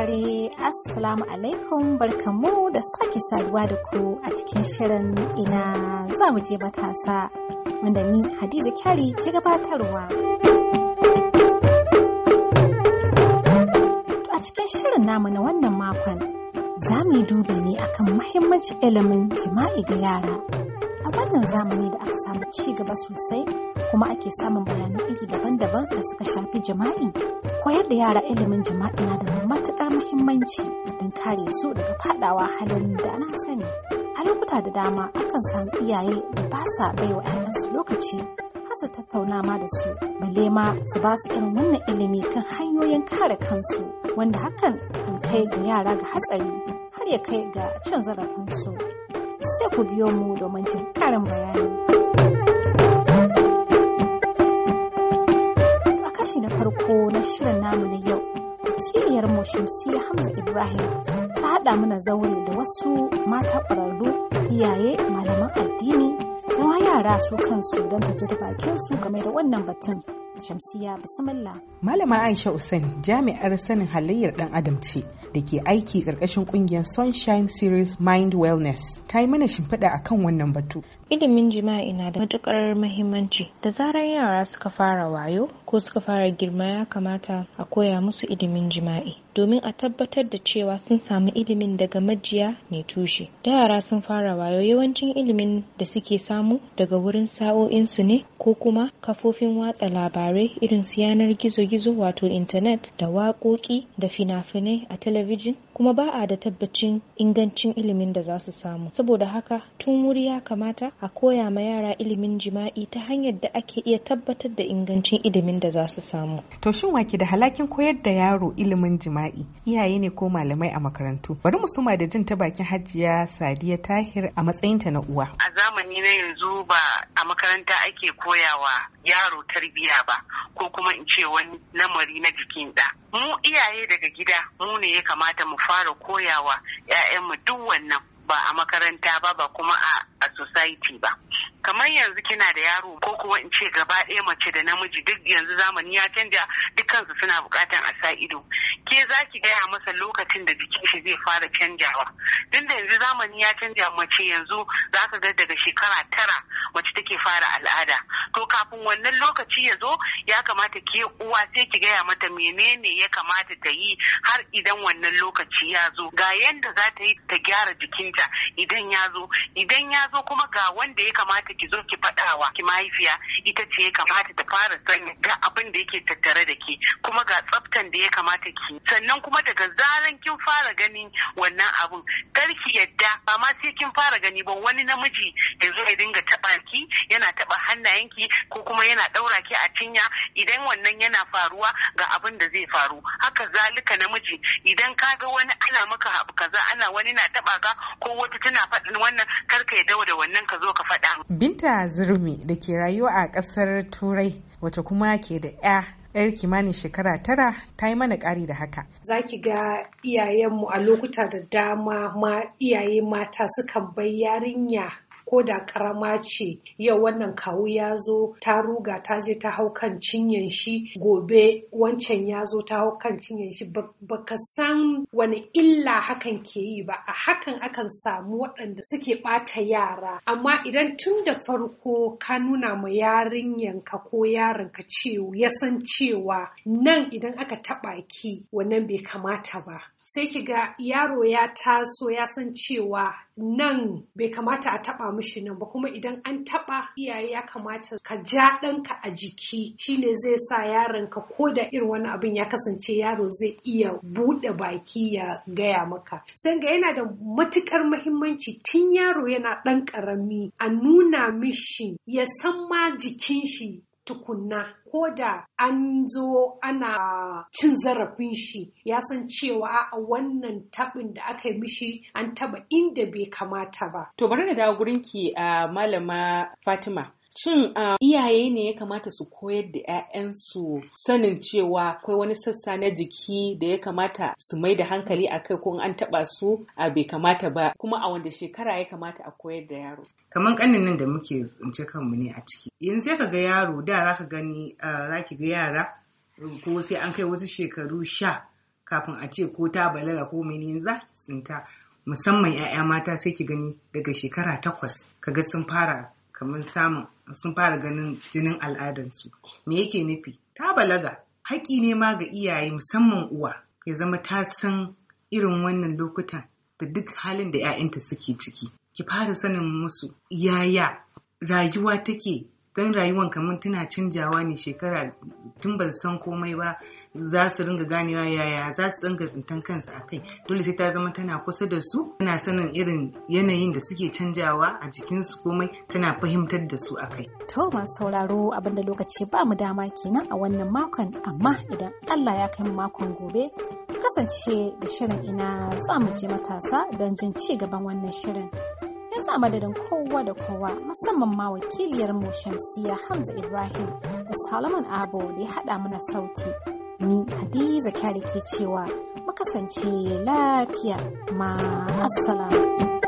saurare Assalamu alaikum barkamu da sake saduwa da ku a cikin shirin ina za mu je matasa wanda ni Hadiza Kyari ke gabatarwa. a cikin shirin namu na wannan makon za mu yi dubi ne akan mahimmancin ilimin jima'i ga yara wannan zamani da aka samu ci gaba sosai kuma ake samun bayanan iri daban-daban da suka shafi jima'i koyar da yara ilimin jima'i na da matukar muhimmanci don kare su daga fadawa halin da na sani a lokuta da dama akan samu iyaye da ba sa baiwa 'ya'yansu lokaci har su tattauna ma da su balle ma su ba su irin wannan ilimi kan hanyoyin kare kansu wanda hakan kan kai ga yara ga hatsari har ya kai ga cin zarafinsu sai ku biyo mu domin jin karin bayani. A kashi na farko na shirin namu na yau, wakiliyar mu Shamsiyya Hamza Ibrahim ta haɗa mana zaure da wasu mata ƙwararru iyaye malaman addini don yara su kansu don tafi da bakin su game da wannan batun Shamsiya Bismillah. Malama Aisha Usain jami'ar sanin halayyar dan Adam ce da ke aiki ƙarƙashin ƙungiyar Sunshine Series Mind Wellness. Ta yi mana shimfiɗa a kan wannan batu. Ilimin jima'i na da matuƙar muhimmanci. Da zarar yara suka fara wayo ko suka fara girma ya kamata a koya musu ilimin jima'i. domin a tabbatar da cewa sun samu ilimin daga majiya mai tushe da yara sun fara wayo yawancin ilimin da suke samu daga wurin sa'o'insu ne ko kuma kafofin watsa labarai irin su yanar gizo-gizo wato intanet da waƙoƙi da fina-finai a talabijin kuma ba a da tabbacin ingancin ilimin da za su samu saboda haka tun wuri ya kamata a koya ma yara ilimin jima'i ta hanyar da ake iya tabbatar da ingancin ilimin da za su samu to shin wake da halakin koyar da yaro ilimin jima'i iyaye ne ko malamai a makarantu bari mu suma da jin ta bakin hajiya sadiya tahir a matsayinta na uwa a zamani na yanzu ba a makaranta ake koyawa yaro tarbiya ba ko kuma in ce wani lamari na jikin da mu iyaye daga gida mu ne ya kamata mu fara koyawa 'ya'yanmu duk wannan ba a makaranta ba ba kuma a society ba kamar yanzu kina da yaro ko kuma in ce gaba ɗaya mace da namiji duk yanzu zamani ya canja dukkansu suna buƙatan a sa ido ke za ki gaya masa lokacin da jikin shi zai fara canjawa tun da yanzu zamani ya canja mace yanzu za ka ga daga shekara tara mace take fara al'ada to kafin wannan lokaci ya zo ya kamata ke uwa sai ki gaya mata menene ya kamata ta yi har idan wannan lokaci ya zo ga yanda za ta yi ta gyara jikinta Yeah. idan ya zo idan ya zo kuma ga wanda ya kamata ki zo ki faɗawa ki mahaifiya ita ce ya kamata ta fara sani ga abin da yake tattare da ke kuma ga tsaftan da ya kamata ki sannan kuma daga zaran kin fara gani wannan abun ki yadda ba ma sai kin fara gani ba wani namiji ya zo ya dinga taɓa ki yana taɓa ki, ko kuma yana ɗaura ki a cinya idan wannan yana faruwa ga abin da zai faru haka zalika namiji idan ka ga wani ana maka abu kaza ana wani na taɓa ka ko wata tana faɗin wannan kar ka dawo da wannan ka zo ka faɗa. Binta Zurmi da ke rayuwa a ƙasar Turai wacce kuma ke da 'ya yar kimanin shekara tara ta yi mana ƙari da haka. Za ki ga iyayenmu a lokuta da dama ma iyaye mata sukan bai yarinya ko da karama ce yau wannan kawu ya zo ta ruga ta je ta hau kan cinyen shi gobe wancan ya zo ta hau kan cinyen shi baka san wani illa hakan ke yi ba a hakan akan samu waɗanda suke ɓata yara amma idan tun da farko ka nuna ma yarinyanka ko yarinka cewa ya san cewa nan idan aka taɓa ki wannan bai kamata ba sai ki ga yaro ya taso ya san cewa nan bai kamata a taba mishi nan ba kuma idan an taba iyaye ya kamata ka ja ɗanka a jiki shine zai sa yaron ka ko da irin wani abin ya kasance yaro zai iya buɗe baki ya gaya maka sai ga yana da matukar muhimmanci tun yaro yana ɗan ƙarami a nuna mishi ya san ma jikin shi tukunna ko da an zo ana cin zarafin shi ya san cewa a wannan tabin da aka yi mishi an taba inda bai kamata ba. To bari na dawo gurinki a ah, malama Fatima. Shin iyaye ne ya kamata su koyar da 'ya'yansu sanin cewa akwai wani sassa na jiki da ya kamata su mai da hankali a kai ko an taba su a bai kamata ba kuma a wanda shekara ya kamata a koyar da yaro. Kaman ƙanin nan da muke tsince kanmu ne a ciki. Yanzu sai ka ga yaro da za ka gani za ki ga yara ko sai an kai wasu shekaru sha kafin a ce ko ta balaga ko mene yanzu za ki tsinta musamman 'ya'ya mata sai ki gani daga shekara takwas ka ga sun fara kamar samun sun fara ganin jinin al'adansu me yake nufi ta balaga haƙƙi ne ma ga iyaye musamman uwa ya zama ta san irin wannan lokutan da duk halin da 'ya'yanta suke ciki ki fara sanin musu yaya rayuwa take dan rayuwan kamar tana canjawa ne shekara tun ba san komai ba za su ringa ganewa yaya za su ringa tsintan kansu a kai dole sai ta zama tana kusa da su tana sanin irin yanayin da suke canjawa a jikinsu komai tana fahimtar da su a kai. to masu sauraro abinda lokaci ba mu dama kenan a wannan makon amma idan allah ya kai mu makon gobe kasance da shirin ina za mu je matasa don jin ci gaban wannan shirin. ina a madadin kowa da kowa musamman ma wakiliyar mu shamsiya hamza ibrahim da salomon Abu da ya haɗa mana sauti ni hadiza kyari ke cewa mu lafiya ma asala